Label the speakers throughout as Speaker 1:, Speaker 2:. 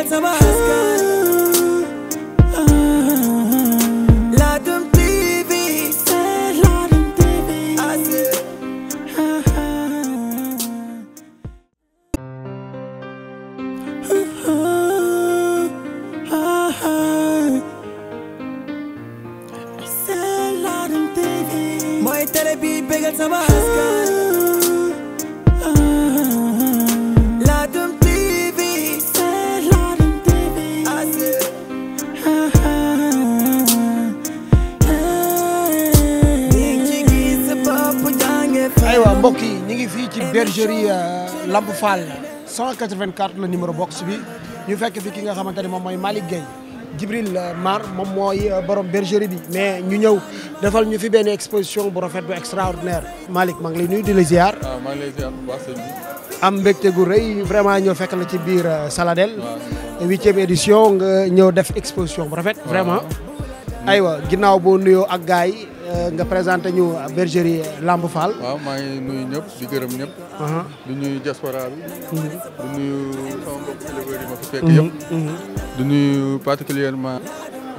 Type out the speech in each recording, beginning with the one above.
Speaker 1: bëggal sama askan Ladoum TV Ladoum TV Ladoum TV mooy télé bi bëggal sama askan
Speaker 2: bergerie euh, Lamp Fall 184 la numéro box bi ñu fekk fi ki nga xamante ne moom mooy Malick Gueye Djibril euh, Mar moom mooy euh, borom bergerie bi mais ñu ñëw defal ñu fi benn exposition bu rafet bu extraordinaire Malick maa ngi lay nuyu di la ah, lay ziar
Speaker 1: bu baax sëñ
Speaker 2: am mbégte gu rëy vraiment ñoo fekk la ci biir Saladel. huitième édition nga ñëw def exposition bu rafet. vraiment aywa ginnaaw boo nuyoo ak gars Euh, nga présenté ñu bergerie Lamb Fall. waaw maa
Speaker 1: ngi ñëpp di gërëm ñëpp. Uh-huh. di nuyu diaspora bi. Mm-hmm. di nuyu sama mbokk ma fi fekk mm-hmm. yëpp. Mm-hmm. di nuyu particulièrement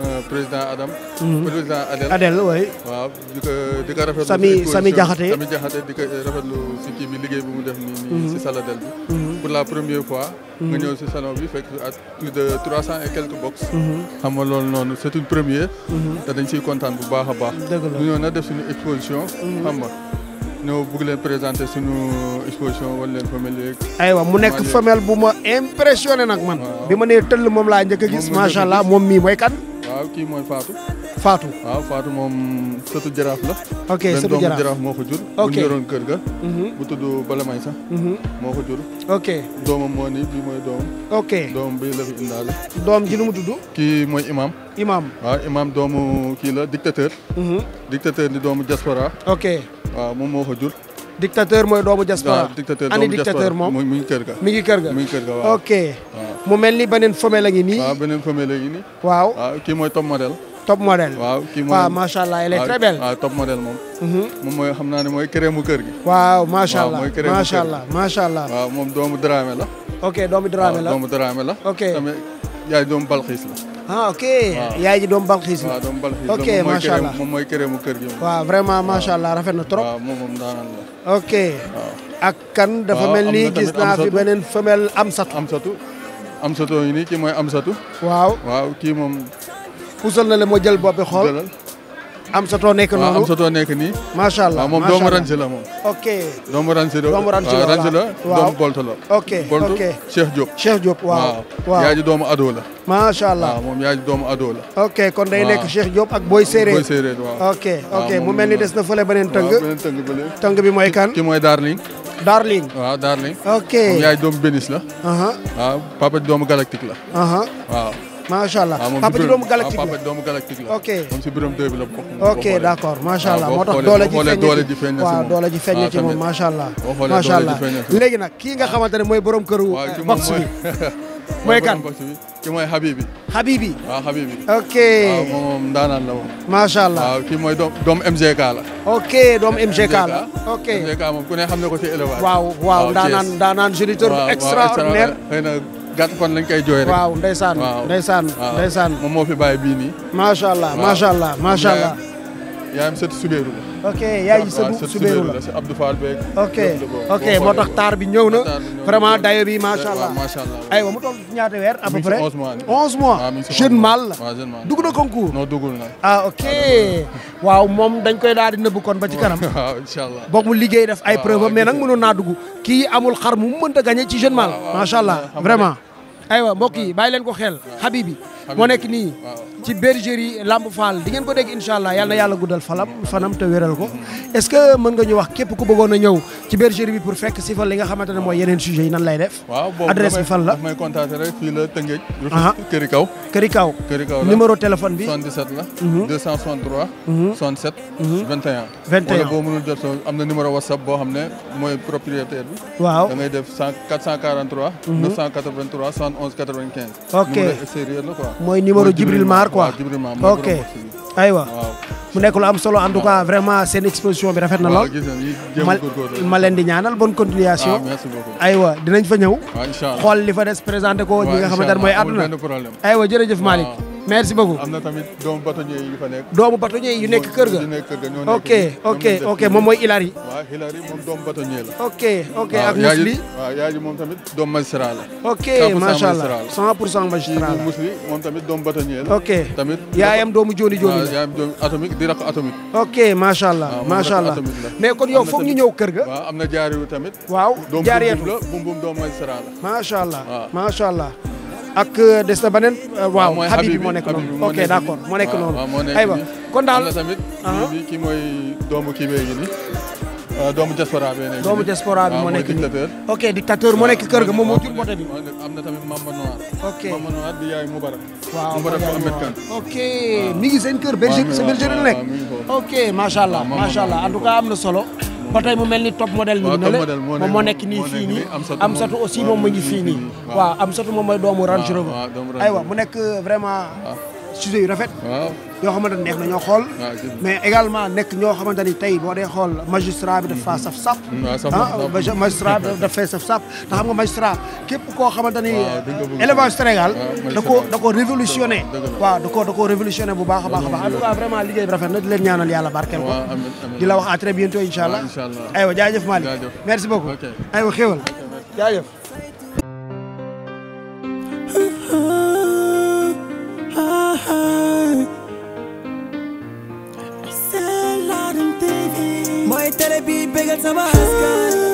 Speaker 1: Euh, président Adam. Mhm. président Adel Adel waay. waaw di ko di ko si kii bi liggéey bi mu def nii. Mhm. si Saladel bi. Mhm. pour la première fois. nga ñëw si salon bi fekk at de trois cent et quelques box. xam nga loolu noonu c'est une première. te dañ siy kontaan bu baax a baax. dëgg la ñu ñëw nag def suñu exposition. xam nga ñoo bëgg leen présenter suñu exposition wala leen famille aywa mu nekk famille
Speaker 2: bu ma impressionné nag man. bi ma nee tëll moom laa njëkk a gis. macha allah moom mii
Speaker 1: waaw kii mooy Fatou. faatu waaw Fatou moom sëtu jaraaf la. ok sëtu jaraaf jaraaf moo ko jur. ok bu ñu yoroon kër ga. Mhm. bu tudd Balamay sax. Mhm. moo ko jur. ok doomam moo nii bii mooy la doom ji nu mu tudd. kii mooy imam. doomu kii la mhm. dictateur. di doomu diaspora. ok waaw moom moo ko jur.
Speaker 2: dictateur mooy doomu diaspora. waaw dictateur doomu moom. mi
Speaker 1: ngi kër ga mi ngi kër ga waaw
Speaker 2: mu mel ni beneen femelle la ngi nii. waaw beneen femelle la ngi nii. waaw waaw kii mooy top modèle. top modèle
Speaker 1: waaw allah elle top modèle mhm. moom. mooy xam kër gi.
Speaker 2: waaw macha allah macha allah
Speaker 1: macha allah. waaw moom doomu Dramé la. ok doomu Dramé la ok tamit doomu Balxiis la.
Speaker 2: ah ok yaay doomu Balxiis la.
Speaker 1: moom mooy këreemu kër gi. waaw vraiment macha
Speaker 2: allah rafet na trop. waaw moom moom ok. ak kan dafa mel ni gis naa fi beneen femelle am satu
Speaker 1: amsatoo ngi nii kii mooy amsatu. waaw waaw kii moom. puusal na le moo jël bopp bi xool. amsatoo nekk noonu waaw amsatoo nekk nii. macha allah moom doomu ransi la moom. ok doomu ransi la doomu ransi la la doomu bolt la. ok ok bolt Cheikh Diop. waaw waaw doomu ado la.
Speaker 2: macha allah waaw
Speaker 1: moom yaay doomu ado la.
Speaker 2: ok kon day nekk Cheikh Diop ak Boy Séeréer. ok mu mel ni des na fële beneen tëng. beneen tëng bi mooy kan
Speaker 1: ki mooy Darling. Darling. waaw Darling. ok moom yaay doomu Bénis la. papa doomu Galactique la. waaw.
Speaker 2: macha allah papa ji doomu galactique
Speaker 1: la papa ok moom si biiram dëgg la bokk. ok d' accord macha allah moo tax doole ji feeñ na ci waaw doole ji feeñ na macha
Speaker 2: allah. macha léegi nag kii nga xamante ne mooy borom këru. box bi
Speaker 1: mooy kan. ki mooy Habibi. Habibi waaw Habibi. ok waaw moom ndaanaan la moom. macha allah kii mooy doom doom MGK la. ok doom MGK la. ok moom ku ne xam ne ko ci élevage. waaw waaw ndaanaan ndaanaan géniteur bu extraordinaire xëy na gàtt kon lañ koy jooy rek. waaw moom moo fi bàyyi bii nii. macha allah macha allah macha allah. yaayam sët Subéeru la. ok yaay sët Subéeru la si Abdou Fall beeg.
Speaker 2: ok ok moo tax taar bi ñëw na. vraiment dayo bi macha allah. aywa mu toog ñaata weer à peu près. 11 mois 11 mois. jeune mâle la. waaw ah ok ah, waaw moom dañ koy daal di nëbb kon ba ci kanam. waaw incha allah boog mu liggéey def ay ah, preuve mais nag mënoon naa dugg. kii amul xar mu mënta gagné ci jeune mâle. Ah, macha allah vraiment. aywa mbokk yi bàyyi leen ko xel Habibi moo nekk nii ci bergerie Lamp Fall di ngeen ko dégg incha allah yal na yàlla guddal falam fanam te wéral ko est-ce que mën nga ñu wax képp ku bëggoon a ñëw ci bergerie bi pour fekk si fa li nga xamante mooy yeneen sujet yi nan lay def. adresse bi fan la waaw may contacter
Speaker 1: fii la Tëngéej. Këri Kaw. Këri Kaw numéro téléphone bi. 77 la. 263. 67. 21. 21 wala boo mënul jot am na numéro WhatsApp boo xam ne mooy propriétaire bi. waaw da ngay mooy numéro Djibril Mar quoi ok
Speaker 2: aywa mu nekk lu am solo en tout cas vraiment seen exposition bi rafet na lool ma leen di ñaanal bonne continuation ah, aywa dinañ fa ñëw xool li fa des présenté ko ñi nga xamante ne mooy àdduna aywa jërëjëf Malick
Speaker 1: merci beaucoup am na tamit doomu bâtonnier yu fa nekk. doomu bâtonnier yu nekk kër ga. ok ok moom mooy Hilary. waaw Hilary moom doomu bâtonnier la. ok ak Mousli yaa ji moom tamit doomu magistrat la. ok macha allah 100 pour cent magistrat moom tamit doomu bâtonnier la. ok tamit yaayam doomu jooni jooni la. yaayam doomu
Speaker 2: allah macha allah
Speaker 1: mais kon yow foog ñu ñëw kër ga. waaw
Speaker 2: am na jaariwu tamit. waaw jaariyatu la
Speaker 1: bumbum doomu magistrat la.
Speaker 2: macha allah macha allah. ak euh, des na beneen. Euh, ah, waaw mooy Habib bi moo nekk noonu ok d' accord moo nekk noonu. aywa
Speaker 1: kon daal am na tamit. Uh-huh. kii mooy doomu kii bee ngi nii euh, doomu diaspora bee
Speaker 2: nekk doomu diaspora ah, moo nekk nii ok dictateur moo nekk kër ga moom moo jur
Speaker 1: moto bi. am na tamit Mamba Noir. ok Mamba di
Speaker 2: ok mi seen kër Belgique sa Belgique la ok macha allah macha allah en tout am na solo. ba tey mu mel ni top model ñu ne la moom moo nekk nii fii nii am satu aussi moom ma ngi fii ni waaw am satu moom mooy doomu Range Rover aywa mu nekk vraiment ci yu rafet. yoo xamante ne neex na ñoo xool. mais également nekk ñoo xamante ni tey boo dee xool magistrat bi daf faa saf saf. ah magistrat bi daf fee saf saf. te xam nga magistrat képp koo xamante ni. élevage Sénégal. ko da ko révolutionné. waaw da ko da ko bu baax a baax a baax en bi rafet na di leen ñaanal yàlla barkeel ko. di la wax à très bientôt incha allah. aywa jaajëf Malick merci beaucoup. aywa xéwal
Speaker 1: télé bi bégal sama askan